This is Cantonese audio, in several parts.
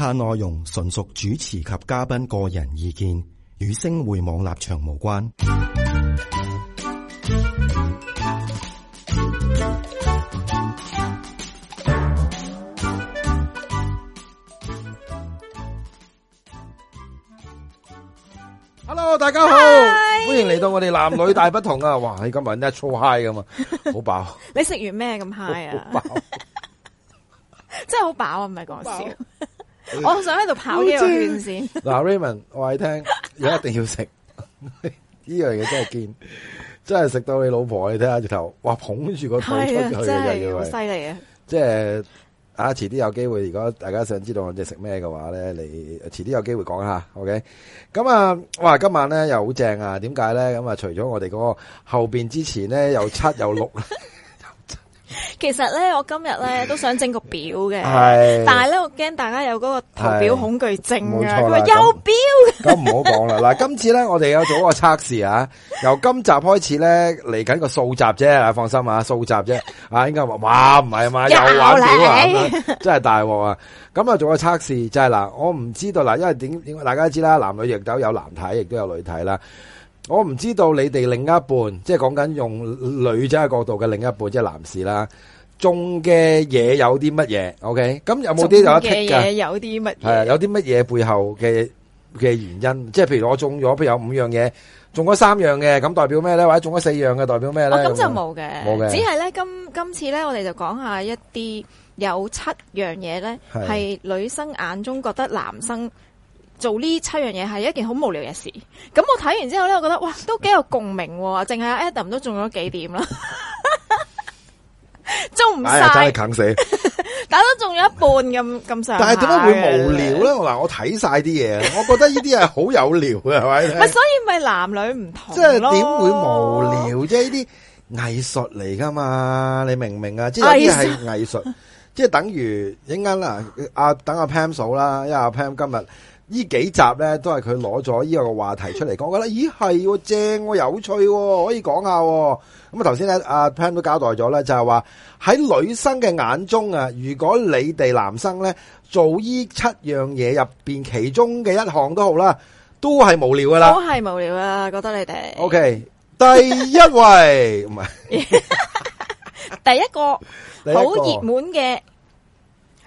下內容純屬主持及嘉賓個人意見，與星匯網立場無關。Hello，大家好，Hi. 歡迎嚟到我哋男女大不同啊！哇，今天是 你今日真係粗 high 㗎嘛，好飽！你食完咩咁 high 啊？真係好飽啊！唔係講笑。我想喺度跑幾嗱，Raymond，我話你聽，你一定要食，呢樣嘢真係堅，真係食到你老婆，你睇下直頭，哇捧住個袋出去的真係犀利啊！即係啊，遲啲有機會，如果大家想知道我哋食咩嘅話咧，你遲啲有機會講下，OK？咁啊，哇，今晚咧又好正啊！點解咧？咁啊、那個，除咗我哋嗰個後邊之前咧有七有六。 其實咧，我今日咧都想整個表嘅，的但係咧我驚大家有嗰個圖表恐懼症啊，又表咁唔好講啦。嗱， 今次咧我哋有做一個測試啊，由今集開始咧嚟緊個數集啫，放心啊，數集啫啊，應該話，哇唔係啊嘛，又玩表來，真係大鑊啊！咁啊，做個測試就係、是、嗱，我唔知道啦因為點？因為大家知啦，男女亦都有男睇，亦都有女睇啦。我唔知道你哋另一半，即係講緊用女仔嘅角度嘅另一半，即係男士啦，中嘅嘢有啲乜嘢？OK，咁有冇啲有得剔噶？中嘅嘢有啲乜嘢？係有啲乜嘢背後嘅嘅原因？即係譬如我中咗，譬如有五樣嘢，中咗三樣嘅，咁代表咩咧？或者中咗四樣嘅，代表咩咧？哦，咁就冇嘅，冇嘅。只係咧今今次咧，我哋就講下一啲有七樣嘢咧，係女生眼中覺得男生，做呢七樣嘢係一件好無聊嘅事，咁我睇完之後咧，我覺得哇，都幾有共鳴、啊，淨係係 Adam 都中咗幾點啦， 中唔晒真係啃死， 打到中咗一半咁咁 但係點解會無聊咧？嗱， 我睇晒啲嘢，我覺得呢啲係好有聊嘅，係咪 吧？所以咪男女唔同，即係點會無聊？即係呢啲藝術嚟噶嘛？你明唔明有藝術 啊？即係呢係藝術，即係等於一陣間啦，阿等阿 Pam 數啦，因為阿 Pam 今日。呢幾集咧，都係佢攞咗呢個話題出嚟講，我覺得咦係正，有趣，可以講下。咁啊，頭先咧，阿 Pan 都交代咗啦，就係話喺女生嘅眼中啊，如果你哋男生咧做呢七樣嘢入邊，其中嘅一項都好啦，都係無聊噶啦，都係無聊啊，覺得你哋。OK，第一位唔係第一個，好熱門嘅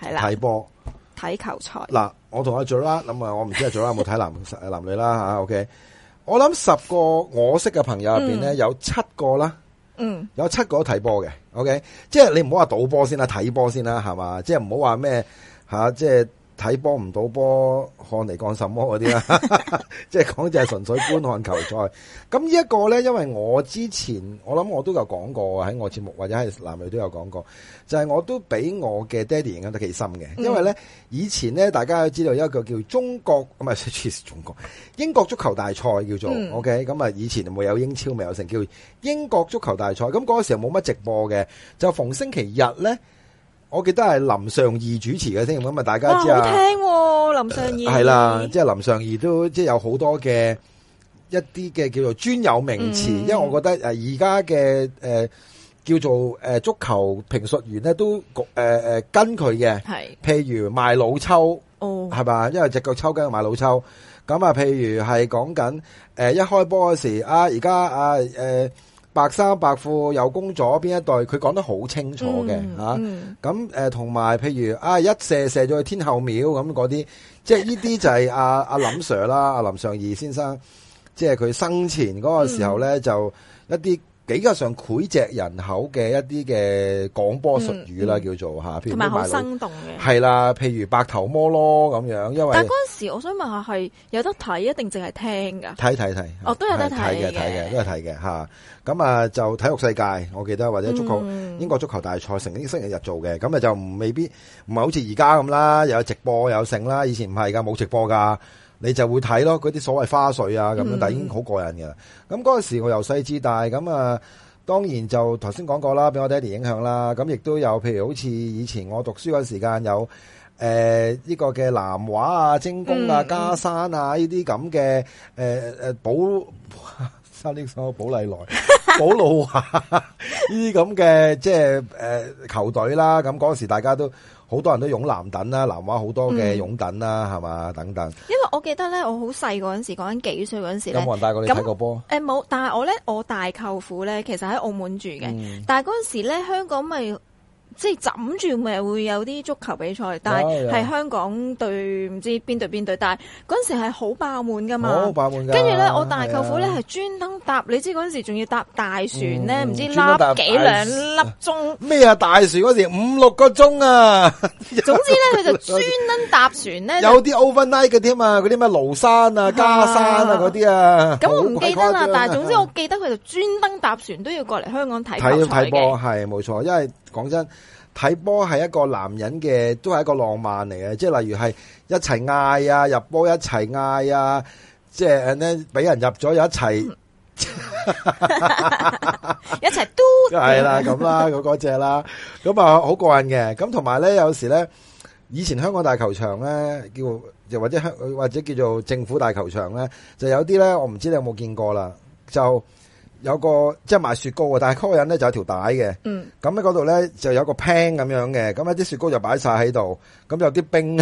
係啦，睇波。睇球賽嗱，我同阿 j 啦，咁 啊，我唔知阿 j 啦有冇睇男誒男女啦吓，OK，我諗十個我識嘅朋友入邊咧有七個啦，嗯，有七個睇波嘅，OK，即係你唔好話賭波先啦，睇波先啦，係嘛，即係唔好話咩吓，即係。睇波唔到波，看嚟幹什麼嗰啲啦？即係講就係純粹觀看球賽。咁呢一個呢，因為我之前我諗我都有講過喺我節目或者係男女都有講過，就係、是、我都俾我嘅爹哋影響得幾深嘅。因為呢，嗯、以前呢，大家都知道有一個叫中國唔係中國英國足球大賽叫做、嗯、OK 咁啊！以前冇有英超，未有成叫英國足球大賽。咁嗰個時候冇乜直播嘅，就逢星期日呢。我記得係林尚義主持嘅節目，咁啊大家知啊。哇，好聽、哦、林尚義。係啦，即、就、係、是、林尚義都即係有好多嘅一啲嘅叫做專有名詞，嗯、因為我覺得誒而家嘅誒叫做誒足球評述員咧都誒誒、呃、跟佢嘅。係是，譬如賣老抽，係嘛、哦？因為隻腳抽筋賣老抽。咁、呃、啊，譬如係講緊誒一開波時，時啊，而家啊誒。白衫白褲又公左邊一代，佢講得好清楚嘅吓。咁誒，同埋譬如啊一射射咗去天后廟咁嗰啲，即係呢啲就係阿阿林 Sir 啦，阿、啊、林尚義先生，即係佢生前嗰個時候咧、嗯、就一啲。比較上膾炙人口嘅一啲嘅廣播術語啦，嗯嗯、叫做吓，譬如白老，同埋好生動嘅，係啦，譬如白頭魔咯咁樣。因為但係嗰陣時，我想問下，係有得睇一定淨係聽噶？睇睇睇，哦，都有得睇嘅，睇嘅，睇嘅，都係睇嘅吓。咁啊，就體育世界，我記得或者足球、嗯、英國足球大賽成一星期日做嘅，咁啊就未必唔係好似而家咁啦，有直播有剩啦。以前唔係㗎，冇直播噶。你就會睇咯，嗰啲所謂花絮啊，咁樣但已經好過癮嘅。咁嗰陣時我由細至大，咁啊當然就頭先講過啦，俾我爹哋影響啦。咁亦都有，譬如好似以前我讀書嗰陣時間有誒呢、呃這個嘅南華啊、精工啊、加山啊呢啲咁嘅誒保，收所謂保麗來、保老華呢啲咁嘅即係誒球隊啦。咁嗰陣時大家都。好多人都擁南躉啦、啊，南華好多嘅擁躉啦，係嘛、嗯、等等。因為我記得咧，我好細嗰陣時講緊幾歲嗰陣時，咁有冇人帶我你睇過波？誒？冇、呃，但係我咧，我大舅父咧，其實喺澳門住嘅，嗯、但係嗰陣時咧，香港咪。即係枕住咪會有啲足球比賽，但係係香港隊唔知邊隊邊隊，但係嗰陣時係好爆滿噶嘛，好爆滿。跟住咧，我大舅父咧係專登搭，你知嗰陣時仲要搭大船咧，唔知粒幾兩粒鐘。咩啊大船嗰時五六個鐘啊！總之咧，佢就專登搭船咧，有啲 overnight 嘅添啊，嗰啲咩廬山啊、加山啊嗰啲啊。咁我唔記得啦，但係總之我記得佢就專登搭船都要過嚟香港睇。睇睇波係冇錯，因為。講真，睇波係一個男人嘅，都係一個浪漫嚟嘅。即係例如係一齊嗌啊，入波一齊嗌啊，即係咧俾人入咗又一齊，一齊嘟，嘟。係啦， 咁啦，嗰嗰隻啦，咁啊好過癮嘅。咁同埋咧，有時咧，以前香港大球場咧，叫又或者香或者叫做政府大球場咧，就有啲咧，我唔知你有冇見過啦，就。有個即係賣雪糕嘅，但係嗰個人咧就有條帶嘅。咁喺嗰度咧就有個 pan 咁樣嘅，咁啲雪糕就擺曬喺度，咁有啲冰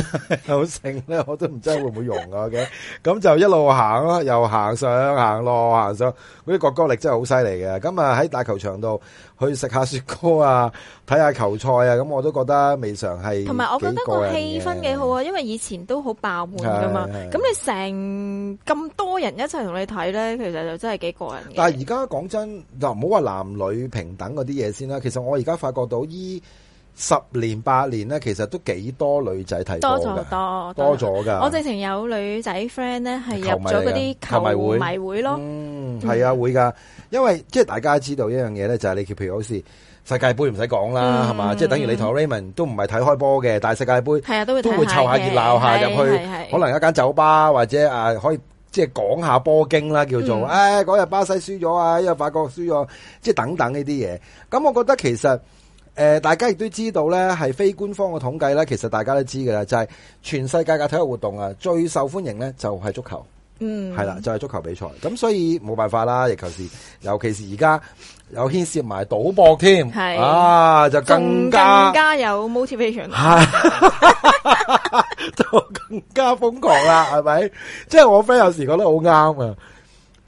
有剩咧， 我都唔知會唔會融嘅。咁 就一路行囉，又行上行落行上，嗰啲腳腳力真係好犀利嘅。咁啊喺大球場度。去食下雪糕啊，睇下球賽啊，咁我都覺得未嘗係同埋，我覺得個氣氛幾好啊，因為以前都好爆滿噶嘛。咁是你成咁多人一齊同你睇咧，其實就真係幾過癮。但係而家講真，嗱，唔好話男女平等嗰啲嘢先啦，啊。其實我而家發覺到依十年八年咧，其實都幾多女仔睇多咗，多多咗了噶。了我直情有女仔 friend 咧，係入咗嗰啲球迷會咯。迷會嗯，係啊，嗯、會噶。因為即係大家知道一樣嘢咧，就係、是、你，譬如好似世界盃唔使講啦，係嘛、嗯，即係等於你同 Raymond 都唔係睇開波嘅，但係世界盃係啊，都會看看都會湊下熱鬧下入去，可能一間酒吧或者啊，可以即係講下波經啦，叫做誒，嗰日、嗯哎、巴西輸咗啊，因為法國輸咗，即係等等呢啲嘢。咁我覺得其實誒、呃，大家亦都知道咧，係非官方嘅統計咧，其實大家都知噶啦，就係、是、全世界嘅體育活動啊，最受歡迎咧就係、是、足球。嗯，係啦，就係、是、足球比賽，咁所以冇辦法啦。亦求是，尤其是而家有牽涉埋賭博添，是啊，就更加更加有 motivation，就更加瘋狂啦，係咪？ 即係我 friend 有時覺得好啱啊，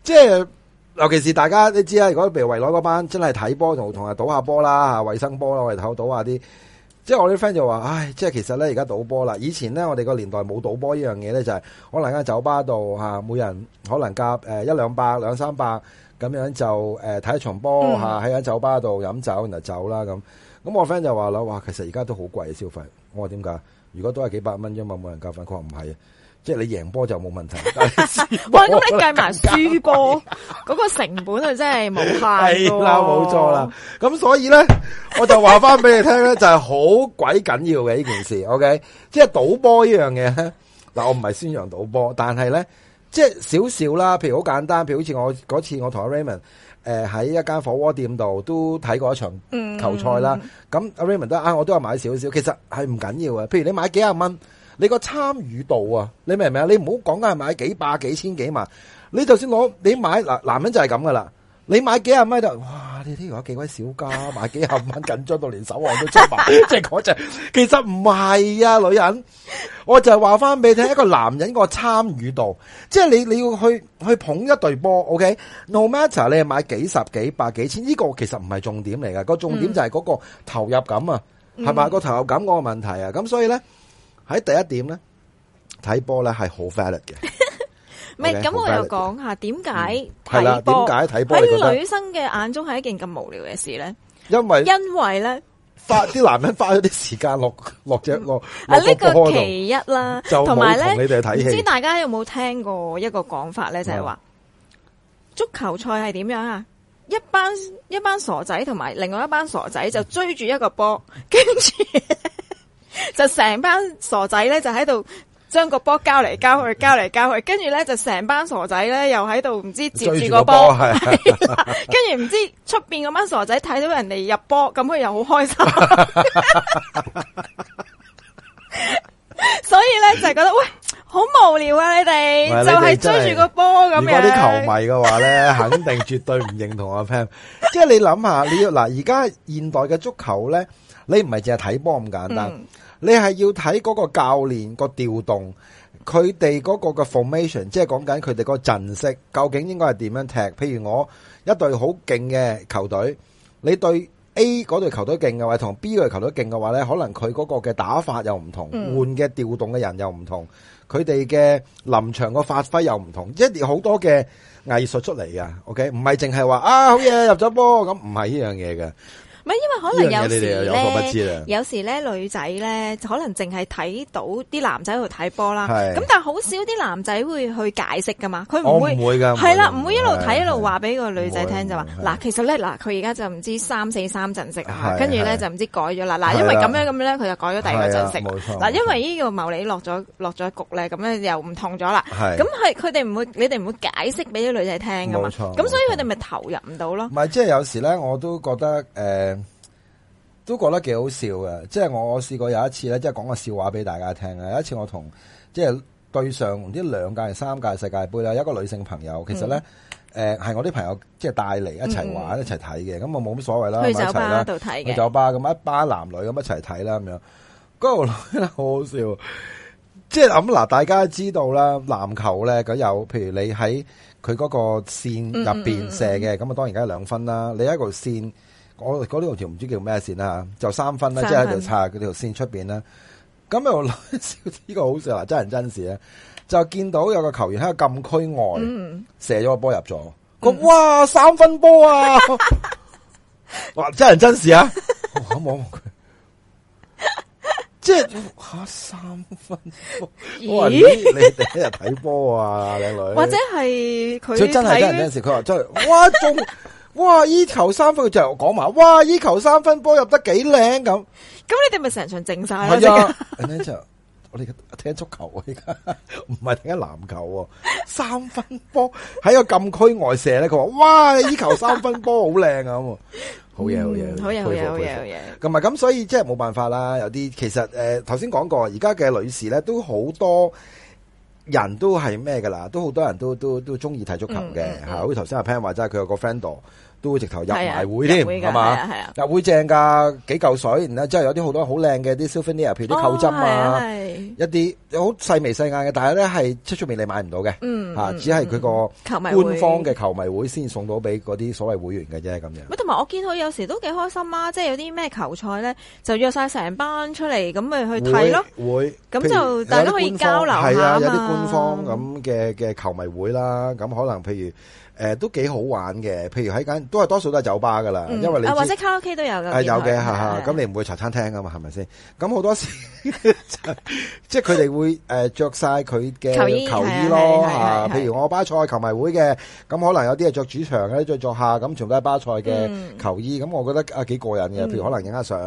即係尤其是大家你知啊，如果譬如圍內嗰班真係睇波同同埋賭下波啦，衛衛生波啦，我哋睇賭下啲。即係我啲 friend 就話，唉，即係其實咧，而家賭波啦。以前咧，我哋個年代冇賭波呢樣嘢咧，就係、是、可能喺酒吧度吓，每人可能夾誒一兩百、兩三百咁樣就誒睇、呃、一場波吓，喺喺酒吧度飲酒，然後走啦咁。咁我 friend 就話咯，哇，其實而家都好貴嘅消費。我話點解？如果都係幾百蚊啫嘛，每人夾份。佢話唔係。即係你贏波就冇問題。哇！咁你計埋輸波嗰個成本啊，真係冇限。係啦，冇錯啦。咁所以咧，我就話翻俾你聽咧，就係好鬼緊要嘅呢件事。O K，即係賭波呢樣嘢。嗱，我唔係宣揚賭波，但係咧，即係少少啦。譬如好簡單，譬如好似我嗰次我同阿 Raymond 誒喺一間火鍋店度都睇過一場球賽啦。咁阿 Raymond 都啊，我都話買少少，其實係唔緊要嘅。譬如你買幾廿蚊。你個參與度啊，你明唔明啊？你唔好講緊係買幾百幾千幾萬，你就算攞你買嗱，男人就係咁噶啦，你買幾廿米就哇？你啲而有幾位小家，啊，買幾廿蚊，緊張到連手汗都出埋，即係嗰隻。其實唔係啊，女人，我就係話翻俾你聽，一個男人個參與度，即係你你要去去捧一隊波，OK？No matter 你係買幾十幾百幾千，呢個其實唔係重點嚟噶，個重點就係嗰個投入感啊，係咪，嗯？個投入感個問題啊，咁所以咧。喺第一點咧，睇波咧係好 valid 嘅。係，咁我又講下點解睇波喺女生嘅眼中係一件咁無聊嘅事咧。嗯、為因為因為咧，花啲男人花咗啲時間落落只落，落落落啊呢、呢個其一啦。就同你哋睇戲，唔知大家有冇聽過一個講法咧，就係、是、話足球賽係點樣啊？一班一班傻仔同埋另外一班傻仔就追住一個波，跟住。 就成班傻仔咧，就喺度將個波交嚟交去，交嚟交去，跟住咧就成班傻仔咧，又喺度唔知接住個波，跟住唔知出面嗰班傻仔睇到人哋入波，咁佢又好開心。 所以咧就係覺得喂，好無聊啊！你哋是就係追住個波咁樣。如果啲球迷嘅話咧， 肯定絕對唔認同阿 Pam。 即係你諗下，你要嗱，而家現代嘅足球咧，你唔係淨係睇波咁簡單。嗯你係要睇嗰個教練個調動，佢哋嗰個嘅 formation，即係講緊佢哋個陣式究竟應該係點樣踢？譬如我一隊好勁嘅球隊，你對 A 嗰隊球隊勁嘅話，同 B 嗰隊球隊勁嘅話呢，可能佢嗰個嘅打法又唔同，換嘅調動嘅人又唔同，佢哋嘅臨場個發揮又唔同，一啲好多嘅藝術出嚟啊，OK？啊 OK 唔係淨係話啊好嘢入咗波，咁唔係呢樣嘢嘅。唔係，因為可能有時咧，有時咧女仔咧，可能淨係睇到啲男仔喺度睇波啦。咁但係好少啲男仔會去解釋噶嘛，佢唔會。我唔會㗎。係啦，唔會一路睇一路話俾個女仔聽就話，嗱，其實咧嗱，佢而家就唔知三四三陣式，跟住咧就唔知改咗啦。嗱，因為咁樣咁樣咧，佢就改咗第二個陣式。冇錯。嗱，因為呢個牟利落咗落咗局咧，咁樣又唔同咗啦。係。咁係佢哋唔會，你哋唔會解釋俾啲女仔聽㗎嘛。冇錯。咁所以佢哋咪投入唔到咯。唔係，即係有時咧，我都覺得誒。都覺得幾好笑嘅，即係我試過有一次咧，即係講個笑話俾大家聽啦。有一次我同即係對上呢兩屆、三屆世界杯啦，一個女性朋友，其實咧，誒係、嗯呃、我啲朋友即係帶嚟一齊玩、一齊睇嘅，咁我冇乜所謂啦，去酒吧度睇，去酒吧咁一班男女咁一齊睇啦，咁樣嗰、那個好好笑，即係諗嗱，大家知道啦，籃球咧佢有，譬如你喺佢嗰個線入邊射嘅，咁啊、嗯嗯嗯、當然梗係兩分啦，你一個線。我哋嗰條條唔知叫咩線啦、啊，就三分啦、啊，恨即係喺度擦嗰條線出邊啦、啊。咁又嚟少呢個好笑，啊，真人真事啊就見到有個球員喺、嗯、個禁區外射咗個波入咗，個、嗯、哇三分波啊！ 哇，真人真事啊！ 我望望佢，即係吓三分波。我話咦你？你第一日睇波啊，靚女？或者係佢真係真人真事？佢話真係，哇仲！ 哇！依球三分就講埋，哇！依球三分波入得幾靚咁？咁你哋咪成場靜晒啦？係啊， 我哋睇足球啊，而家唔係睇緊籃球喎、啊。三分波喺個禁區外射咧，佢話哇！依球三分波好靚啊，咁嘢 好嘢，好嘢、嗯，好嘢，服好嘢，服好嘢，同埋咁，所以即係冇辦法啦。有啲其實誒，頭先講過，而家嘅女士咧都好多。人都係咩㗎喇？都好多人都都都中意睇足球嘅吓，好似頭先阿 Pan 話，即係佢有個 friend 度。都會直頭入埋會添，係嘛？入會正㗎，幾嚿水，然後之後有啲好多好靚嘅啲 souvenir，譬如啲扣針啊，一啲好細眉細眼嘅，但係咧係出出面你買唔到嘅，嗯，嚇，只係佢個官方嘅球迷會先送到俾嗰啲所謂會員嘅啫，咁樣。喂，同埋我見到有時都幾開心啊，即係有啲咩球賽咧，就約曬成班出嚟咁咪去睇咯，會咁就大家可以交流下嘛。係啊，有啲官方咁嘅嘅球迷會啦，咁可能譬如。誒、呃，都幾好玩嘅，譬如喺間都係多數都係酒吧噶啦，嗯、因為你、啊、或者卡拉 OK 都有嘅，係、啊，有嘅，吓吓，咁你唔會茶餐廳噶嘛，係咪先？咁好多時，即係佢哋會誒着晒佢嘅球衣咯，吓，譬如我巴塞球迷會嘅，咁可能有啲係着主場，有啲着作客，咁全部都係巴塞嘅球衣，咁、嗯、我覺得啊幾過癮嘅，譬如可能影下相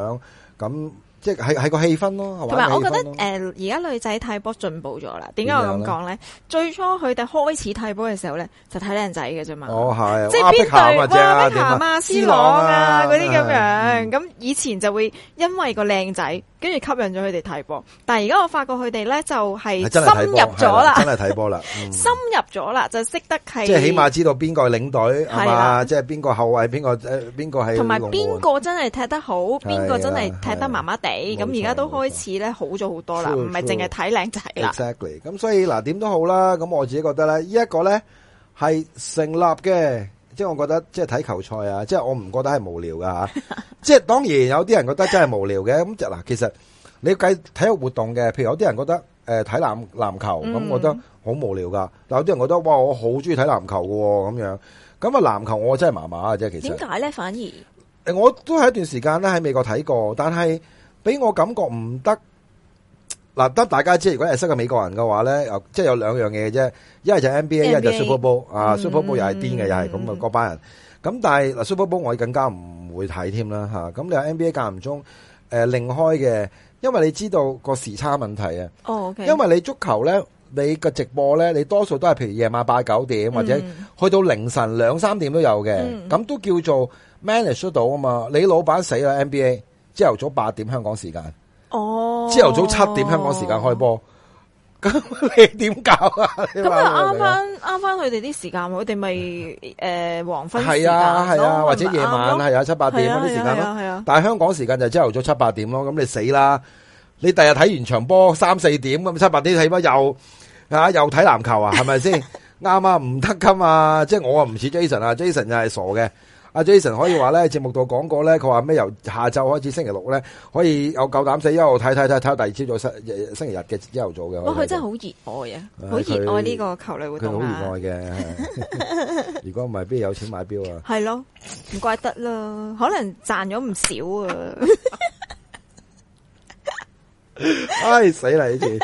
咁。嗯即係喺個氣氛咯，同埋我覺得誒，而家女仔睇波進步咗啦。點解我咁講咧？最初佢哋開始睇波嘅時候咧，就睇靚仔嘅啫嘛。哦，係，即係碧鹹啊，咩鹹啊，斯朗啊，嗰啲咁樣。咁以前就會因為個靚仔，跟住吸引咗佢哋睇波。但係而家我發覺佢哋咧就係深入咗啦，真係睇波啦，深入咗啦，就識得係即係起碼知道邊個領隊係啦，即係邊個後衞，邊個誒，邊個係同埋邊個真係踢得好，邊個真係踢得麻麻地。咁而家都開始咧好咗好多啦，唔係淨係睇靚仔，exactly。咁所以嗱，點都好啦。咁我自己覺得咧，呢、這、一個咧係成立嘅，即係我覺得即係睇球賽啊，即係我唔覺得係無聊噶吓。即係 當然有啲人覺得真係無聊嘅。咁就嗱，其實你要計體育活動嘅，譬如有啲人覺得誒睇籃籃球咁，嗯、覺得好無聊噶。嗱有啲人覺得哇，我好中意睇籃球噶咁樣。咁啊籃球我真係麻麻嘅啫。其實點解咧反而誒，我都係一段時間咧喺美國睇過，但係。俾我感覺唔得，嗱得大家知。如果係識個美國人嘅話咧，又即係有兩樣嘢啫。一係就 NBA，一係就 Super Bowl 啊。Super Bowl 又係癲嘅，又係咁啊，嗰班人。咁但係嗱 Super Bowl 我更加唔會睇添啦吓。咁你話 NBA 間唔中，誒另開嘅，因為你知道個時差問題啊。哦，因為你足球咧，你個直播咧，你多數都係譬如夜晚八九點或者去到凌晨兩三點都有嘅，咁都叫做 manage 到啊嘛。你老闆死啦 NBA。朝頭早八點香港時間，朝頭、oh. 早七點香港時間開波，咁、oh. 你點搞啊？咁啊啱翻啱翻佢哋啲時間，佢哋咪誒黃昏係啊係啊，yeah. Yeah. 是是或者夜晚係係啊七八點嗰啲時間咯，係、oh. 啊。Yeah. Yeah. 但係香港時間就朝頭早七八點咯，咁你死啦！你第日睇完場波三四點咁七八點，睇波，又啊又睇籃球啊，係咪先？啱啊，唔得噶嘛！即係我啊唔似 Jason 啊，Jason 就係傻嘅。阿 Jason 可以話咧，節目度講過咧，佢話咩由下晝開始星期六咧，可以有夠膽死。一路睇睇睇睇，第二朝早星期日嘅朝頭早嘅。佢、哦、真係好熱愛啊，好、啊、熱愛呢個球類活動，佢好熱愛嘅。 如果唔係，邊有錢買錶啊？係咯，唔怪得啦，可能賺咗唔少啊！唉、 哎，死啦！呢次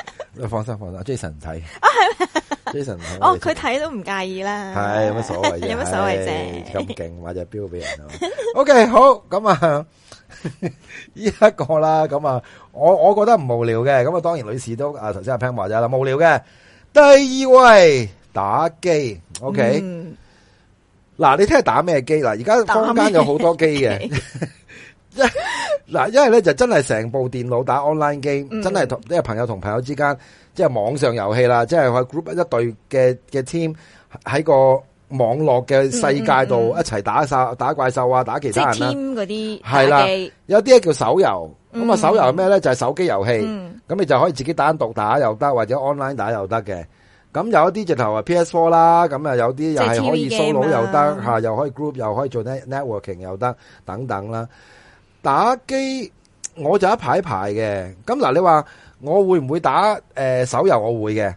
放心，放心，Jason 睇。啊 Jason 哦，佢睇都唔介意啦，係有乜所謂？有乜所謂啫？咁勁買隻錶俾人啊！OK，好咁啊，呢一個啦，咁啊，我我覺得唔無聊嘅，咁啊，當然女士都啊，頭先阿 Pan 話咗啦，無聊嘅。第二位打機，OK，嗱，你聽下打咩機啦？而家坊間有好多機嘅，嗱，因為咧就真係成部電腦打 online 機，真係同即係朋友同朋友之間。即係網上遊戲啦，即係我 group 一隊嘅嘅 team 喺個網絡嘅世界度一齊打獸打怪獸啊，打其他人啦。team 嗰啲係啦，有啲係叫手遊，咁啊手遊係咩咧？就係手機遊戲，咁你就可以自己單獨打又得，或者 online 打又得嘅。咁有一啲直頭啊 PS Four 啦，咁啊有啲又係可以 solo 又得吓，又可以 group，又可以做 net networking 又得等等啦。打機我就一排排嘅，咁嗱你話。我會唔會打誒、呃、手遊？我會嘅。誒、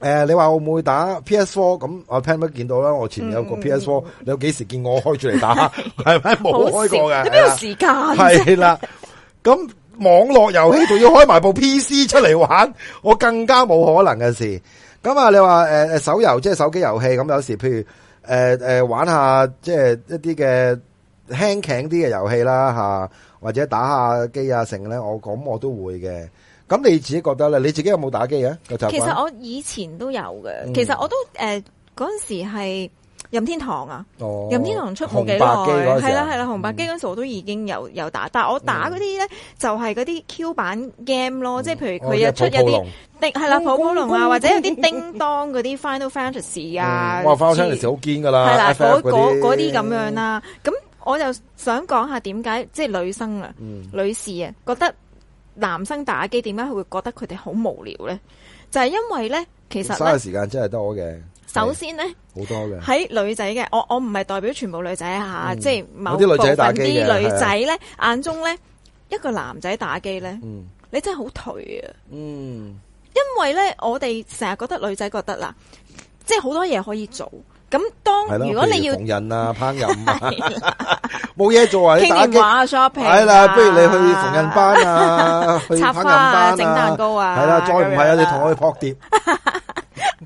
呃，你話我唔會，會打 P、嗯、S Four 咁、啊，我 pen 見到啦。我前面有個 P S Four，你有幾時見我開住嚟打？係咪冇開過嘅？咁 了有時間。係啦，咁網絡遊戲仲要開埋部 P C 出嚟玩，我更加冇可能嘅事。咁、嗯、啊，你話誒誒手遊即係手機遊戲咁，有時譬如誒誒、呃呃、玩下即係一啲嘅輕輕啲嘅遊戲啦吓、啊，或者打下機啊成咧，我咁我都會嘅。咁你自己覺得咧？你自己有冇打機啊？其實我以前都有嘅，其實我都誒嗰陣時係任天堂啊，任天堂出冇幾耐，係啦係啦，紅白機嗰陣時我都已經有有打，但係我打嗰啲咧就係嗰啲 Q 版 game 咯，即係譬如佢有出一啲叮係啦，普普龍啊，或者有啲叮當嗰啲 Final Fantasy 啊，哇 Final Fantasy 好堅㗎啦，係啦嗰啲咁樣啦。咁我就想講下點解即係女生啊、女士啊覺得。男生打機點解佢會覺得佢哋好無聊咧？就係、是、因為咧，其實嘥時間真係多嘅。首先咧，好多嘅喺女仔嘅，我我唔係代表全部女仔吓，嗯、即係某部分啲女仔咧的眼中咧，一個男仔打機咧，嗯，你真係好頹啊，嗯，因為咧，我哋成日覺得女仔覺得啦，即係好多嘢可以做。咁當如果你要縫紉啊，烹飪冇嘢做啊，你打機係啦，不如你去縫紉班啊，插花整蛋糕啊，係啦，再唔係啊，你同我去撲碟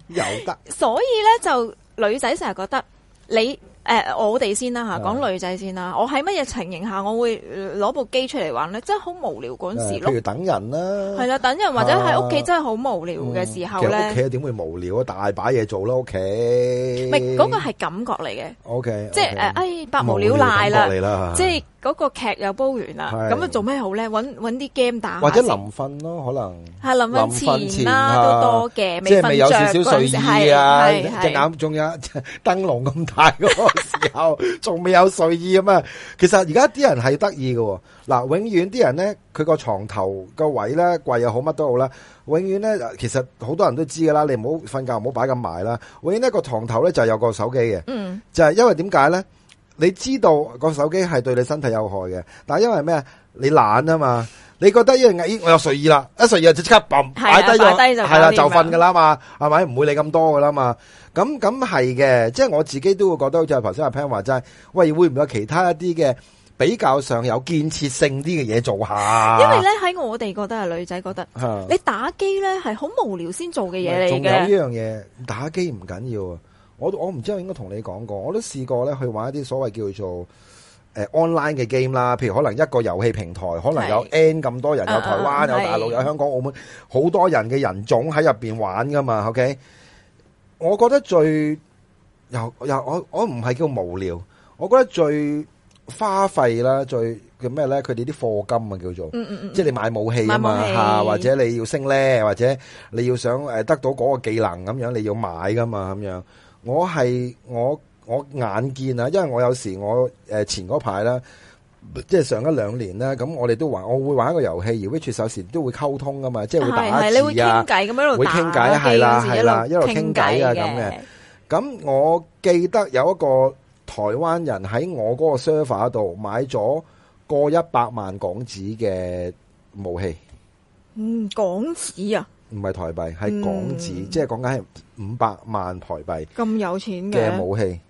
又得。所以咧，就女仔成日覺得你。誒、呃，我哋先啦吓，講女仔先啦。我喺乜嘢情形下，我會攞部機出嚟玩咧？即係好無聊嗰陣時咯，譬如等人啦，係啦，等人或者喺屋企真係好無聊嘅時候咧。屋企點會無聊啊？大把嘢做咯，屋企。唔係，嗰個係感覺嚟嘅。O K，即係誒，唉、呃哎，百無聊賴啦，即係。嗰個劇又煲完啦，咁啊是做咩好咧？搵揾啲 game 打或者臨瞓咯，可能係、啊、臨瞓前啦、啊、都多嘅，啊、即係未有少少睡意啊，隻眼仲有燈籠咁大嗰個時候，仲未有睡意 有啊嘛。其實而家啲人係得意㗎喎，嗱，永遠啲人咧，佢個床頭個位咧，櫃又好，乜都好啦。永遠咧，其實好多人都知㗎啦，你唔好瞓覺唔好擺咁埋啦。永遠呢個床頭咧就係有個手機嘅，嗯、就係因為點解咧？你知道，個手機係對你身體有害嘅，但係因為咩？你懶啊嘛，你覺得一樣嘢，咦，我有睡意啦，一睡意就即刻嘣擺低咗，係啦、啊、就瞓噶啦嘛，係咪、嗯？唔會理咁多噶啦嘛。咁咁係嘅，即係我自己都會覺得，好似頭先阿 Pan 話齋，喂，會唔會有其他一啲嘅比較上有建設性啲嘅嘢做下？因為咧喺我哋覺得啊，女仔覺得，覺得係啊、你打機咧係好無聊先做嘅嘢嚟嘅。仲有呢樣嘢，打機唔緊要啊。我我唔知道應該同你講過，我都試過咧去玩一啲所謂叫做誒 online 嘅 game 啦，譬如可能一個遊戲平台，可能有 n 咁多人，有台灣，有大陸，有香港、澳門，好多人嘅人種喺入邊玩噶嘛。OK，我覺得最又又我我唔係叫無聊，我覺得最花費啦，最叫咩咧？佢哋啲課金啊，叫做，嗯嗯嗯，即係你買武器啊嘛，或者你要升 level，或者你要想誒得到嗰個技能咁樣，你要買噶嘛，咁樣。我係我我眼見啊，因為我有時我誒、呃、前嗰排啦，即係上一兩年啦，咁我哋都玩，我會玩一個遊戲，而 Witch 有時都會溝通噶嘛，即係會打字係啊，你會傾偈咁一路打啦，係啦係啦，一路傾偈啊咁嘅。咁我記得有一個台灣人喺我嗰個 server 度買咗過一百萬港紙嘅武器。嗯，港紙啊！唔係台幣，係港紙，嗯、即係講緊係五百萬台幣的。咁有錢嘅武器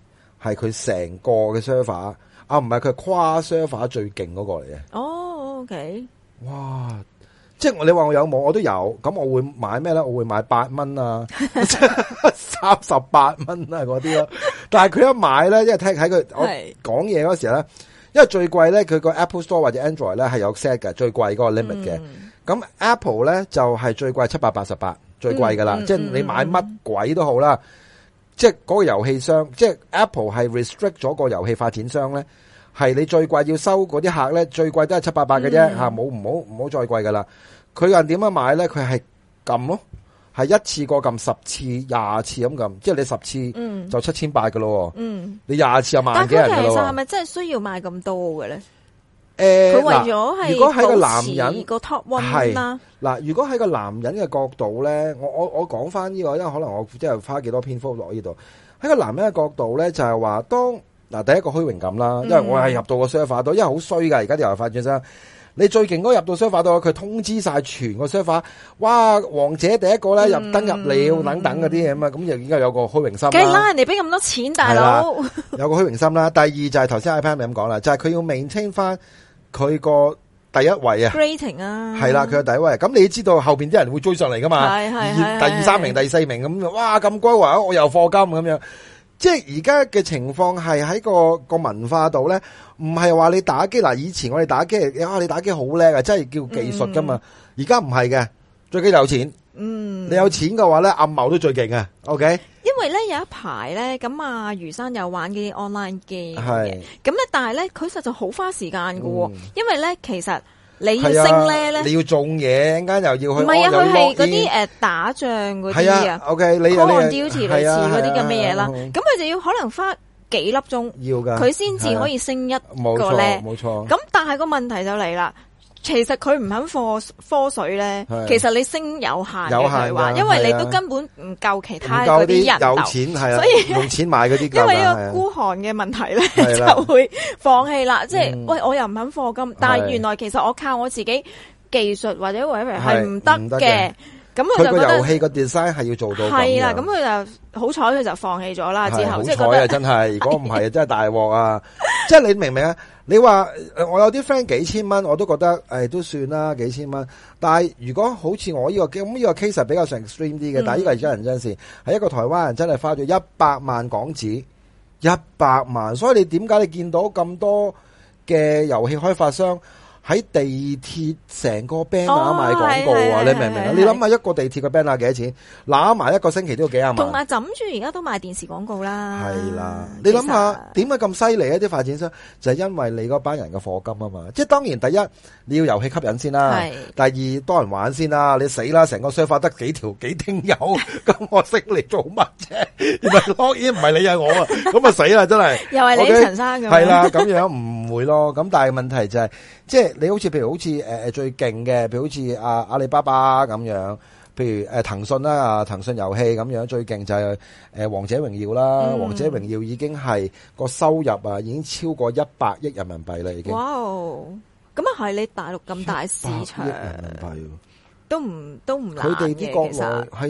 係佢成個嘅 server 啊唔係，唔係佢跨 server 最勁嗰、嗰個嚟嘅。哦，OK，哇！即係你話我有冇？我都有。咁我會買咩咧？我會買八蚊啊，三十八蚊啊嗰啲咯。但係佢一買咧，因為睇睇佢我講嘢嗰時咧，因為最貴咧，佢個 Apple Store 或者 Android 咧係有 set 嘅最貴嗰個 limit 嘅。嗯咁 Apple 咧就係、是、最貴七百八十八、嗯、最貴噶啦，嗯、即係你買乜鬼都好啦，嗯、即係嗰個遊戲商，嗯、即係 Apple 係 restrict 咗個遊戲發展商咧，係你最貴要收嗰啲客咧，最貴都係七百八嘅啫吓，冇，唔好唔好再貴噶啦。佢人點樣買咧？佢係撳咯，係一次過撳十次、廿次咁撳，即係你十次就七千八㗎咯。嗯，你廿次就萬幾。但其實係咪真係需要買咁多嘅咧？誒，佢為咗係如果喺個男人個 top one 啦，嗱，如果喺個男人嘅角度咧，我我我講翻呢個，因為可能我即係花幾多篇幅落呢度。喺個男人嘅角度咧，就係話，當嗱第一個虛榮感啦，因為我係、嗯哎、入到個 show flat 度，因為好衰噶，而家啲發展商。你最勁嗰入到 server 度，佢通知晒全個 server，哇！王者第一個咧入登入了，等等嗰啲嘢啊嘛，咁又依家有個虛榮心啦。梗係啦，人哋俾咁多錢大佬，有個虛榮心啦。 第二就係頭先 iPad 咁講啦，就係、是、佢要明稱翻佢個第一位啊。rating 啊，係啦，佢係第一位。咁 ating、啊、你知道後邊啲人會追上嚟噶嘛？係係係係第？第二三名、第四名咁，哇！咁貴啊，我又課金咁樣。即係而家嘅情況係喺個個文化度咧，唔係話你打機嗱，以前我哋打機、啊，你啊你打機好叻呀，真係叫技術噶嘛。而家唔係嘅，最緊要有錢。嗯，你有錢嘅話咧，暗謀都最勁呀。O、okay? K，因為咧有一排咧，咁阿、啊、餘生又玩啲 online 機。a 咁咧但係咧，佢實就好花時間噶，嗯、因為咧其實。你要升咧咧，你要種嘢，陣間又要去。唔係啊，佢係嗰啲誒打仗嗰啲啊。OK，你又你係啊。Call of Duty 類似嗰啲咁嘅嘢啦，咁佢就要可能花幾粒鐘。要噶。佢先至可以升一個咧，冇錯。咁但係個問題就嚟啦。其實佢唔肯課課水咧，是其實你升有限嘅話，有限，因為你都根本唔夠其他嗰啲人有錢，所以用錢買啲，以 因為呢個孤寒嘅問題咧的就會放棄啦。是的即係喂，我又唔肯課金，嗯、但係原來其實我靠我自己技術或者維維係唔得嘅。咁佢個遊戲個 design 係要做到係啦，咁佢、啊、就好彩佢就放棄咗啦。之後好彩啊，啊，真係！如果唔係， 真係大鑊啊！ 即係你明唔明啊？你話我有啲 friend 幾千蚊，我都覺得誒、哎、都算啦，幾千蚊。但係如果好似我呢、這個咁呢、這個 case 比較上 extreme 啲嘅，嗯、但係呢個真人真事係一個台灣人真係花咗一百萬港紙，一百萬。所以你點解你見到咁多嘅遊戲開發商？喺地鐵成個 band 啊賣廣告啊，你明唔明啊？你諗下一個地鐵嘅 band 啊幾多錢？攞埋一個星期都要幾啊萬。同埋枕住而家都賣電視廣告啦。係啦，你諗下點解咁犀利一啲發展商就係因為你嗰班人嘅課金啊嘛。即係當然第一你要遊戲吸引先啦。係。第二多人玩先啦。你死啦，成個商發得幾條幾丁友。咁我識你做乜啫？唔係當然唔係你係我啊，咁啊死啦真係。又係你陳生咁。係啦，咁樣唔會咯。咁但係問題就係即係。你好似譬如好似誒誒最勁嘅，譬如好似阿阿里巴巴咁樣，譬如誒騰訊啦，阿騰訊遊戲咁樣最勁就係、是、誒、嗯、王者榮耀啦，王者榮耀已經係個收入啊已經超過一百億人民幣啦已經。哇、哦，咁啊係你大陸咁大市場，人民幣都唔都唔難佢哋啲國內，係其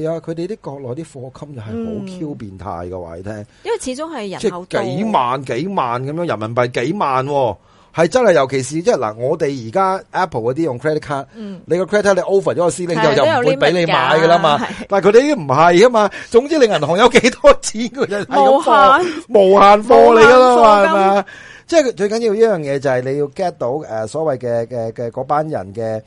實啊，佢哋啲國內啲課金又係好 Q 變態嘅話你聽，聽、嗯，因為始終係人口多幾萬幾萬幾萬咁樣人民幣幾萬。幾萬係真係，尤其是即係嗱，我哋而家 Apple 嗰啲用 Credit Card，嗯、你個 Credit Card 你 Over 咗個 limit 之後就唔會俾你買噶啦嘛。對但係佢哋呢啲唔係啊嘛。的總之你銀行有幾多錢佢就的的無限無限貨嚟噶啦嘛。係嘛。即係最緊要一樣嘢就係你要 get 到誒、呃、所謂嘅嘅嘅嗰班人嘅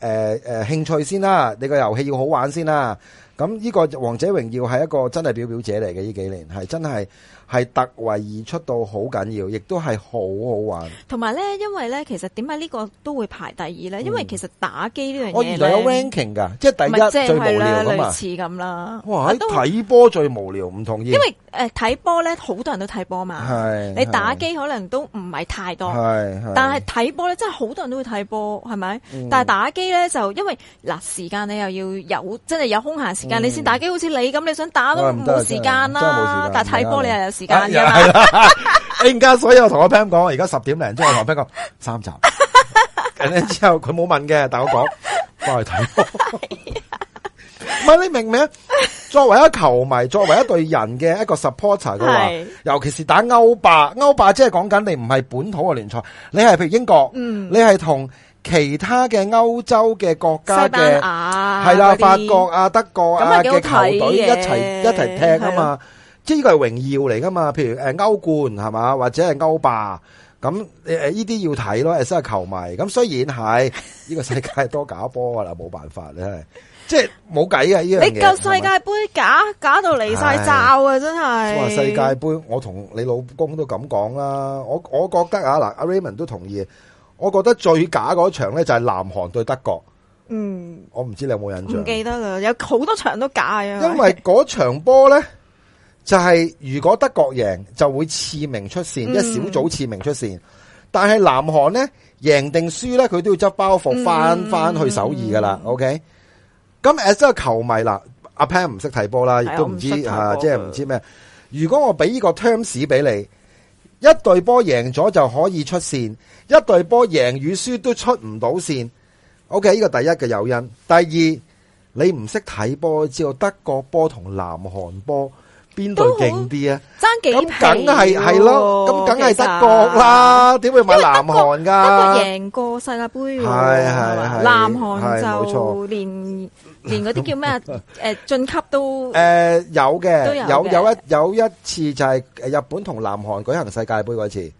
誒誒興趣先啦。你個遊戲要好玩先啦。咁呢個《王者榮耀》係一個真係表表姐嚟嘅，呢幾年係真係係突圍而出到好緊要，亦都係好好玩。同埋咧，因為咧，其實點解呢個都會排第二咧？嗯、因為其實打機呢樣嘢我原來有 ranking 噶，即係第一最無聊，類似咁啦，哇！睇波都最無聊，唔同意。因為誒睇波咧，好、呃、多人都睇波嘛。係你打機可能都唔係太多。係，但係睇波咧，真係好多人都會睇波，係咪？嗯、但係打機咧就因為嗱、呃，時間你又要有真係有空閒時間。你先打機，好似你咁，你想打都冇時間啦。嗯、間但係睇波你又有時間嘅。而家所以我同我 Pam 講，而家十點零鐘同 Pam 講三集。之後佢冇問嘅，但我講翻去睇波。唔係你， 你明唔明？作為一球迷，作為一隊人嘅一個 supporter 嘅話，是尤其是打歐霸，歐霸即係講緊你唔係本土嘅聯賽，你係譬如英國，你係同。其他嘅歐洲嘅國家嘅係啦，法國啊、德國啊嘅球隊一齊一齊踢啊嘛，是的 即係呢個係榮耀嚟噶嘛。譬如誒歐冠係嘛，或者係歐霸，咁誒誒呢啲要睇咯，誒真係球迷。咁雖然係呢個世界多假波啦，冇 辦法咧，即係冇計啊，呢個你夠世界杯吧假假到離晒罩啊，的真係。話世界杯，我同你老公都咁講啦，我我覺得啊嗱，阿、啊、Raymond 都同意。我覺得最假嗰場呢就係南韓對德國。嗯，我唔知你有冇印象，唔記得啦，有好多場都假啊。因為嗰場波呢就係、是、如果德國贏就會次名出線，嗯、一小組次名出線。但係南韓呢，贏定輸呢，佢都要執包袱翻翻去首爾噶啦。OK，咁誒，即係球迷啦，阿 Pan 唔識睇波啦，亦都唔知、嗯、啊，即係唔知咩。如果我俾呢個 terms 俾你。一隊波贏咗就可以出線，一隊波贏與輸都出唔到線。OK，呢個第一嘅誘因。第二，你唔識睇波，知道德國波同南韓波。邊隊勁啲啊？爭幾多啫喎！咁梗係係咯，咁梗係德國啦，點會買南韓噶？德國贏過世界杯，係係係。南韓就連連嗰啲叫咩啊？誒晉級都誒有嘅，都有嘅。有有一有一次就係誒日本同南韓舉行世界杯嗰次，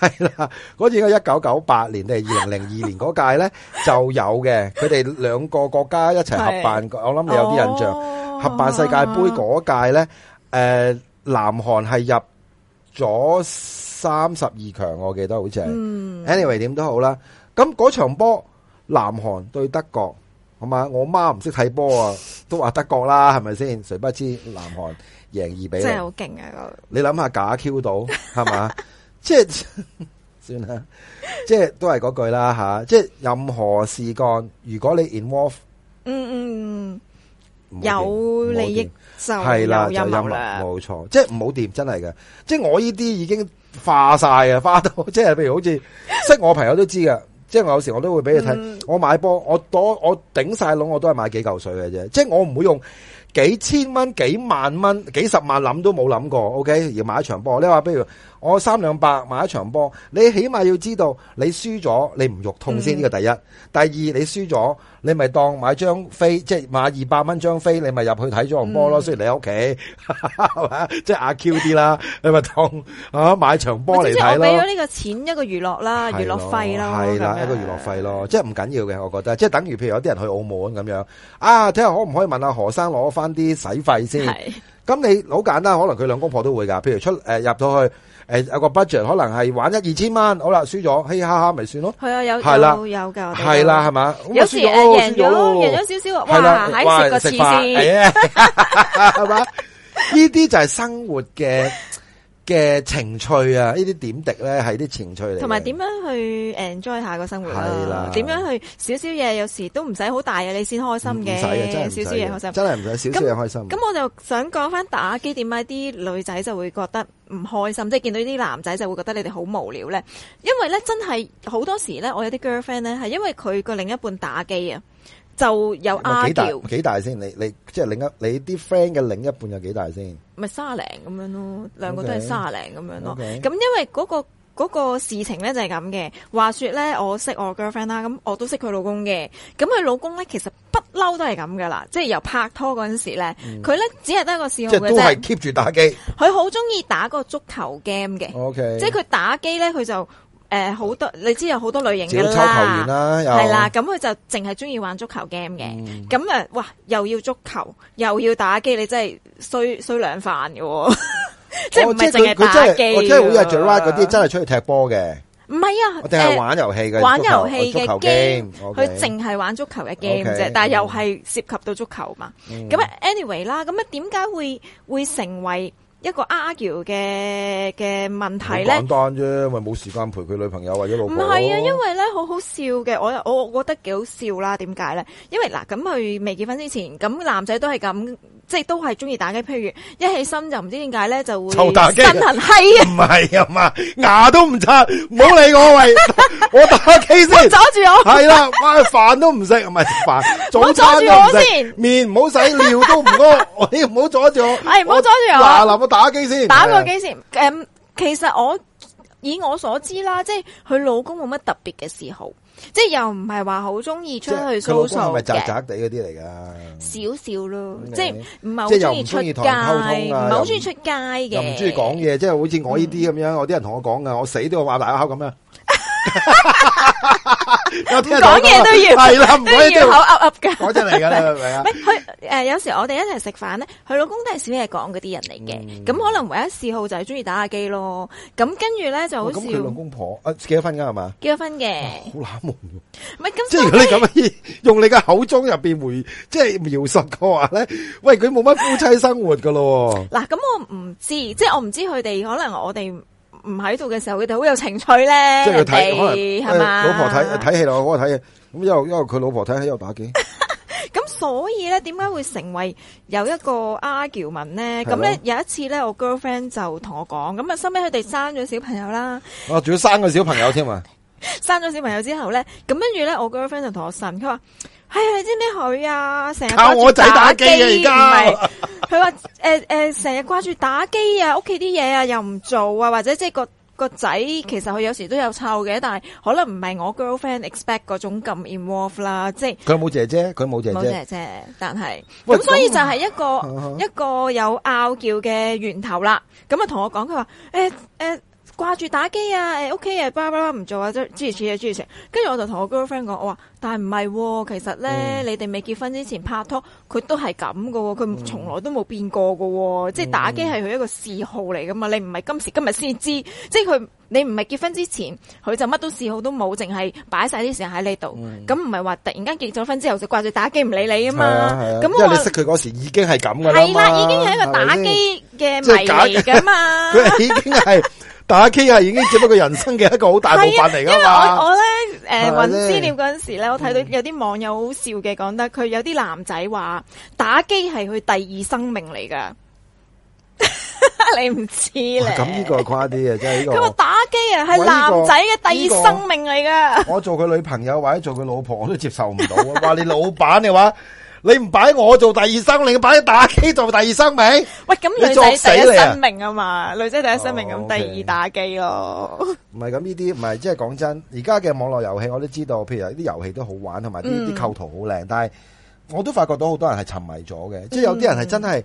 係啦，嗰次係一九九八年定係二零零二年嗰屆咧，就有嘅。佢哋兩個國家一齊合辦，我諗你有啲印象。合辦世界杯嗰屆咧，誒、oh. 呃，南韓係入咗三十二強，我記得好似係、mm. anyway 點都好啦。咁嗰場波，南韓對德國，好嘛？我媽唔識睇波啊， 都話德國啦，係咪先？誰不知南韓贏二比零，真係好勁啊！你諗下假 Q 到，係嘛？ 即係算啦，即係都係嗰句啦吓。即係任何事幹，如果你 involve，嗯嗯嗯、mm。Mm. 有利益，行利益就有陰謀，冇錯，即係唔好掂，真係嘅。即係我呢啲已經化曬嘅，化到即係，譬如好似 識我朋友都知㗎，即係我有時我都會俾你睇、嗯，我買波，我我頂曬窿，我都係買幾嚿水嘅啫。即係我唔會用幾千蚊、幾萬蚊、幾十萬諗都冇諗過。OK，而買一場波。你話不如。我三兩百買一場波，你起碼要知道你輸咗，你唔肉痛先呢個第一。第二，你輸咗，你咪當買張飛，即係買二百蚊張飛，你咪入去睇咗個波咯，嗯、雖然你喺屋企，係即係阿 Q 啲啦，你咪當啊買場波嚟睇咯。即係俾咗呢個錢一個娛樂啦，娛樂費啦，係啦一個娛樂費咯，即係唔緊要嘅，我覺得即係等於譬如有啲人去澳門咁樣啊，睇下可唔可以問阿何生攞翻啲使費先。咁是你好簡單，可能佢兩公婆都會噶，譬如出誒、呃、入到去。誒，有個 budget 可能係玩一二千蚊，好啦，輸咗，嘻嘻哈哈咪算咯。係啊，有啦，有噶。係啦，係嘛。有時誒，贏咗，贏咗少少，哇，食個食飯，係啊，係嘛。呢啲就係生活嘅。嘅情趣啊，呢啲點滴咧係啲情趣嚟，同埋點樣去 enjoy 下個生活啦，啊？點是的 樣去少少嘢？有時都唔使好大嘅你先開心嘅，唔使嘅，真係唔使。少少嘢開心，真係唔使少少嘢開心。咁我就想講翻打機，點解啲女仔就會覺得唔開心，即係見到啲男仔就會覺得你哋好無聊咧？因為咧真係好多時咧，我有啲 girlfriend 咧係因為佢個另一半打機啊。就有阿調，幾大，幾大先？你你即係、就是、另一，你啲 friend 嘅另一半有幾大先？咪卅零咁樣咯，兩個都係卅零咁樣咯。咁 Okay. 因為嗰、那個嗰、那個事情咧就係咁嘅。話說咧，我識我 girlfriend 啦，咁我都識佢老公嘅。咁佢老公咧其實不嬲都係咁噶啦，即係由拍拖嗰陣時咧，佢咧、嗯、只係得一個嗜好嘅啫。都係 keep 住打機，佢好中意打個足球 game 嘅。OK，即係佢打機咧，佢就。誒，好多你知有好多類型噶啦，係啦，咁佢就淨係中意玩足球 game 嘅，咁啊，哇，又要足球又要打機，你真係衰衰兩飯噶，即係唔係淨係打機。我真係好有 Jr. 嗰啲，真係出去踢波嘅。唔係啊，我係玩遊戲嘅，玩遊戲嘅 game，佢淨係玩足球嘅 game 啫，但係又係涉及到足球嘛。咁啊，anyway 啦，咁啊，點解會會成為？一個 argue 嘅嘅問題咧，簡單啫，咪冇時間陪佢女朋友或者老婆。唔係啊，因為咧好好笑嘅，我我覺得幾好笑啦。點解咧？因為嗱，咁佢未結婚之前，咁男仔都係咁。即係都係中意打機，譬如一起身就唔知點解咧，就會真痕黐啊！唔係啊嘛，牙都唔刷，唔好理我喂，我打機先。唔好阻住我！係啦，喂，飯都唔食，唔係食飯，早餐又唔食麵，唔好洗尿都唔屙，喂，唔好阻住我。係唔好阻住我。嗱嗱我打機先。打個機先。嗯，其實我以我所知啦，即係佢老公冇乜特別嘅嗜好。即係又唔係話好中意出去鬆鬆 social 啲嚟嘅，少少咯。嗯、即係唔係好即中意出街，唔係好中意出街嘅，唔中意講嘢，嗯、即係好似我呢啲咁樣，我啲人同我講噶，我死都要話大口咁樣！ 講嘢都要係啦，都要，了唔可以口噏噏噶，講真嚟噶啦，係咪啊？佢誒、呃，有時我哋一齊食飯咧，佢老公都係少嘢講嗰啲人嚟嘅，咁、嗯、可能唯一嗜好就係中意打下機咯。咁跟住咧就好似，佢、哦、老公婆誒結咗婚噶係嘛？結咗婚嘅，好冷門。唔係咁，哦、即係你咁可以用你嘅口中入邊回，即、就、係、是、描述個話咧。喂，佢冇乜夫妻生活噶咯。嗱，咁我唔知，即係我唔知佢哋可能我哋。唔喺度嘅時候，佢哋好有情趣咧。即係睇，家可能係嘛？吧老婆睇睇戲咯，我睇戲。咁因為因為佢老婆睇戲喺度又打機。咁 所以咧，點解會成為有一個 argument 咧？咁咧嗎有一次咧，我 girlfriend 就同我講，咁啊，收尾佢哋生咗小朋友啦。哦、啊，仲要生個小朋友添啊！ 生咗小朋友之後咧，咁跟住咧，我 girlfriend 就同我呻。佢話。係你知唔知佢啊？成日教我仔打機啊，而家係佢話誒誒，成日掛住打機啊，屋企啲嘢啊又唔做啊，或者即係個個仔其實佢有時都有湊嘅，但係可能唔係我 girlfriend expect 嗰種咁 in love 啦，即係佢冇姐姐，佢冇姐姐，冇姐姐，但係咁所以就係一個一個有拗撬嘅源頭啦。咁啊同我講佢話誒誒。掛住打機啊！誒、欸，屋企啊，巴拉巴拉唔做啊，跟住我就同我 girlfriend 講，我話：但係唔係，其實咧，嗯、你哋未結婚之前拍拖，佢都係咁噶，佢從來都冇變過噶、啊，嗯、即係打機係佢一個嗜好嚟噶嘛。你唔係今時今日先知，即係佢，你唔係結婚之前，佢就乜都嗜好都冇，淨係擺晒啲時間喺呢度。咁唔係話突然間結咗婚之後就掛住打機唔理你啊嘛。咁、啊、我因為你識佢嗰時已經係咁噶啦嘛，已經係一個打機嘅迷嚟噶嘛，佢、啊、 已經係。 打機啊，已經只不過人生嘅一個好大部分嚟噶。因為我我咧，誒，揾資料嗰陣時咧，我睇、呃、到有啲網友好笑嘅，講得佢有啲男仔話打機係佢第二生命嚟噶。 你唔知咧，咁呢個誇啲嘅，真係呢、這個。佢話打機啊，係男仔嘅第二生命嚟噶、這個這個。我做佢女朋友或者做佢老婆，我都接受唔到啊。話你老闆嘅話。 你唔擺我做第二生，你嘅擺打機做第二生命。喂，咁女仔第一生命啊嘛，啊女仔第一生命咁、啊，第,命啊 oh, okay. 第二打機咯、啊。唔係咁，呢啲唔係即係講真，而家嘅網絡遊戲我都知道，譬如有啲遊戲都好玩，同埋啲啲構圖好靚。嗯、但係我都發覺到好多人係沉迷咗嘅，嗯、即係有啲人係真係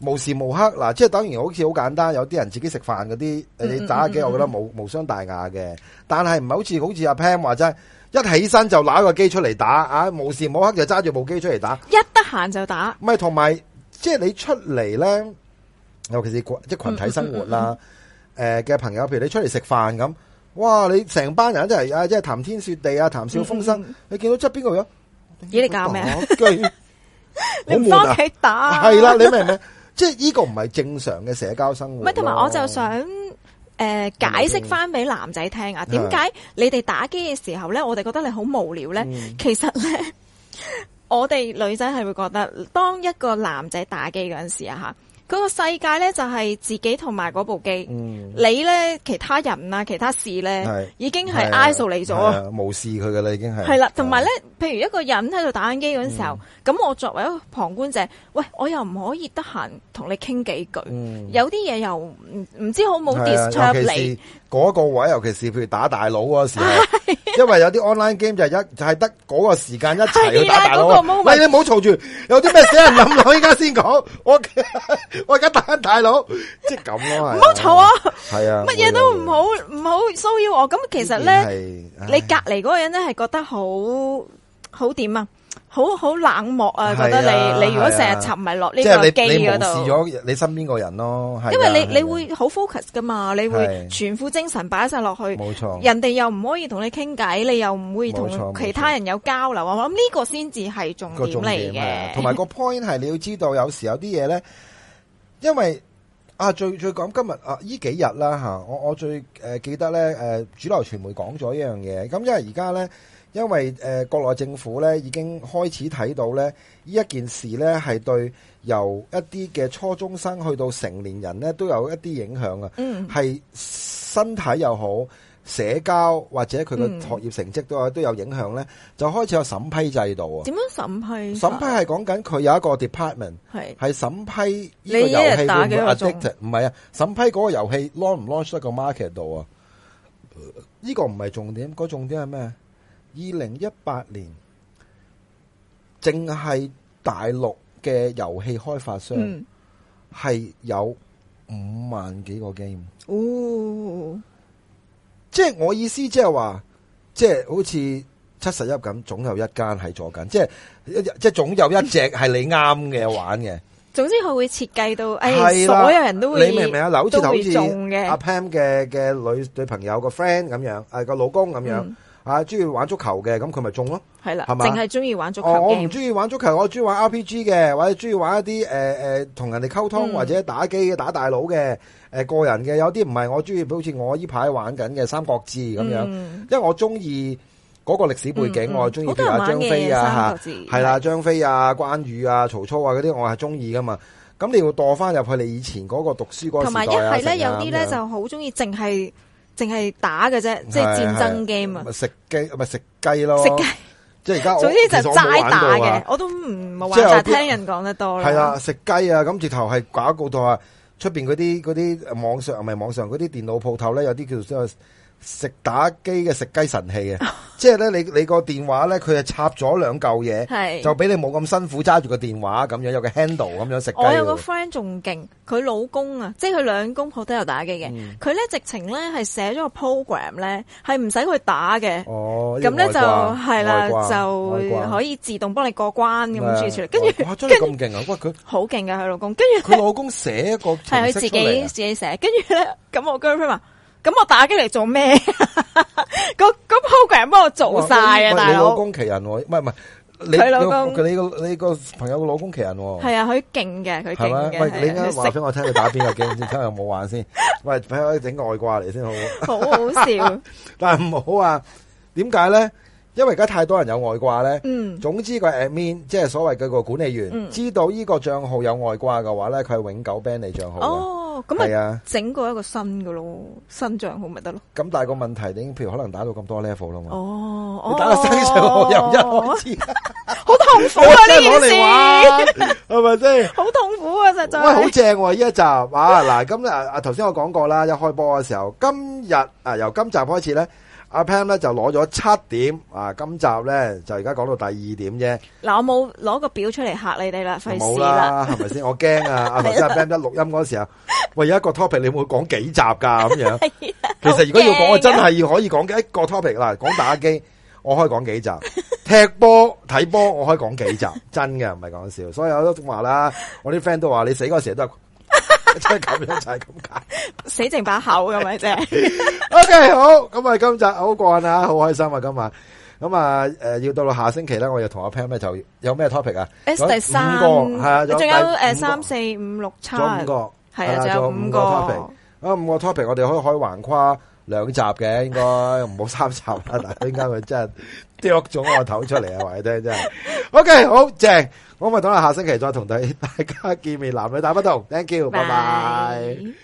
無時無刻嗱，嗯、即係等完好似好簡單，有啲人自己食飯嗰啲，嗯嗯嗯你打機我覺得無嗯嗯無傷大雅嘅。但係唔係好似好似阿 p a m 話真。一起身就拿個機出嚟打啊，無時無刻就揸住部機出嚟打，一得閒就打。唔係，同埋即係你出嚟咧，尤其是即群體生活啦，誒嘅朋友，譬、呃、如你出嚟食飯咁，哇！你成班人真係，啊，即係談天說地啊，談笑風生。嗯嗯，你見到側邊個樣？咦，啊、你搞咩？你唔返屋企打？係啦，你明唔明？ 即係呢個唔係正常嘅社交生活。唔係？同埋我就想。誒，解釋翻俾男仔聽啊，點解你哋打機嘅時候呢？我哋覺得你好無聊呢。嗯、其實呢，我哋女仔係會覺得，當一個男仔打機嗰陣時啊，吓。嗰個世界咧就係自己同埋嗰部機，嗯、你咧其他人啊、其他事咧是，已經係 isolate 嚟咗，無視佢㗎啦，已經係。係啦的，同埋咧，譬如一個人喺度打緊機嗰陣時候，咁、嗯、我作為一個旁觀者，喂，我又唔可以得閒同你傾幾句，嗯、有啲嘢又唔唔知好冇 disturb 你。嗰個位，尤其是譬如打大佬嗰時候，啊、因為有啲 online game 就係一就係、係、得嗰個時間一齊去打大佬。喂、啊，嗰個、冇，你唔好嘈住， 有啲咩死人諗我依家先講。我我而家打大佬，即係咁咯。唔好嘈啊！係啊，乜嘢都唔好唔好騷擾我。咁其實咧，啊、你隔籬嗰個人咧係覺得好好點啊？好好冷漠啊！覺得你、啊、你如果成日插埋落呢個機嗰度，啊、即你你視咗你身邊個人咯。啊、因為你、啊、你會好 focus 噶嘛，啊、你會全副精神擺晒落去。冇錯，人哋又唔可以同你傾偈，你又唔會同其他人有交流。我諗呢個先至係重點嚟嘅。同埋個 point 係的、啊、你要知道，有時有啲嘢咧， 因為啊最最講今日啊呢幾日啦、啊、我我最、呃、記得咧、呃、主流傳媒講咗一樣嘢，咁因為而家咧。因為誒、呃，國內政府咧已經開始睇到咧，呢一件事咧係對由一啲嘅初中生去到成年人咧都有一啲影響啊，係、嗯、身體又好，社交、或者佢嘅學業成績都都有影響咧，嗯、就開始有審批制度啊。點樣審批呢？審批係講緊佢有一個 department 係是，係審批呢個遊戲會唔會 addictive？唔係啊，審批嗰個遊戲 launch 唔 launch 得個 market 度啊？呢、呃這個唔係重點，個重點係咩？二零一八年，淨係大陸嘅遊戲開發商係、嗯、有五萬幾個 game。哦，即係我意思就是說，即係話，即係好似七十一咁，總有一間係坐緊，即係即係總有一隻係你啱嘅玩嘅。總之佢會設計到，誒，的所有人都會，你明唔明啊？好似好似阿 Pam 嘅嘅女女朋友個 friend 咁樣，誒、個老公咁樣。嗯啊，中意玩足球嘅，咁佢咪中咯？係啦的，係咪吧？淨係中意玩足球。我唔中意玩足球，我中意玩 RPG 嘅，或者中意玩一啲誒誒，同、呃、人哋溝通、嗯、或者打機、打大佬嘅誒、呃、個人嘅。有啲唔係我中意，好似我依排玩緊嘅三國志咁樣，嗯、因為我中意嗰個歷史背景，嗯嗯我中意譬如張飛啊吓，係啦張飛啊、關羽啊、曹操啊嗰啲，我係中意噶嘛。咁你要墮翻入去你以前嗰個讀書嗰時代啊？同埋、啊、一係咧，有啲咧就好中意淨係。淨係打嘅啫，即係戰爭 game 啊嘛！咪食雞，咪食雞咯！食雞，即係而家。總之就齋打嘅，我都唔冇玩，就聽人講得多咯。係啊，食雞啊！咁直頭係搞到話，出邊嗰啲嗰啲網上唔係網上嗰啲電腦鋪頭咧，有啲叫做。食打機嘅食雞神器啊！即係咧，你你個電話咧，佢係插咗兩嚿嘢，就俾你冇咁辛苦揸住個電話咁樣，有個 handle 咁樣食雞。我有個 friend 仲勁，佢老公啊，即係佢兩公婆都有打機嘅。佢咧直情咧係寫咗個 program 咧，係唔使佢打嘅。哦，咁咧就係啦，就可以自動幫你過關咁住住。跟住哇，真係咁勁啊！喂，佢好勁嘅佢老公。跟住佢老公寫一個係佢自己自己寫。跟住咧，咁我 girlfriend 話。咁我打機嚟做咩？咁咁 program 幫我做晒啊！大佬，老公奇人喎，唔係唔係，佢老公佢你個你個朋友個老公奇人喎，係啊，佢勁嘅，佢勁嘅。喂，你啱啱話俾我聽佢打邊個機，先睇下有冇玩先。喂，俾我整個外掛嚟先好，好好笑。但係唔好啊，點解咧？因為而家太多人有外掛咧，總之個 admin 即係所謂嘅個管理員，知道呢個賬號有外掛嘅話咧，佢係永久 ban 你賬號嘅。哦，咁啊，整過一個新嘅咯，新賬號咪得咯。咁但係個問題，你譬如可能打到咁多 level 啦嘛。哦，你打到新賬號又唔好，好痛苦啊！呢啲攞嚟玩係咪先？好痛苦啊！實在。喂，好正！呢一集啊，嗱，咁啊，頭先我講過啦，一開波嘅時候，今日啊，由今集開始咧。阿 Pan 咧就攞咗七點啊，今集咧就而家講到第二點啫。嗱，我冇攞個表出嚟吓你哋啦，費了事啦，係咪先？我驚啊！阿頭先阿 Pan 一錄音嗰時候， 喂，有一個 topic 你會講幾集噶咁樣？ 的其實如果要講， 我真係要可以講嘅一個 topic 啦，講打機，我可以講幾集， 踢波睇波，我可以講幾集，真嘅唔係講笑。所以我都話啦，我啲 friend 都話你死嗰時候都係。即係咁樣，就係咁解，死淨把口咁咪啫。OK，好，咁啊，今集好慣啦，好開心啊，今日咁啊，誒，要到到下星期咧，我又同阿 Pam 咩，就有咩 topic 啊？有五個係啊，仲有誒，三四五六七，做五個係啊，仲有五個 topic。啊，五個 topic，我哋可以可以橫跨兩集嘅，應該唔好三集啦。陣間佢真係？剁咗我頭出嚟啊！話你聽真係，OK，好正好，我咪等下下星期再同大大家見面，男女大不同，Thank you，拜拜 Bye。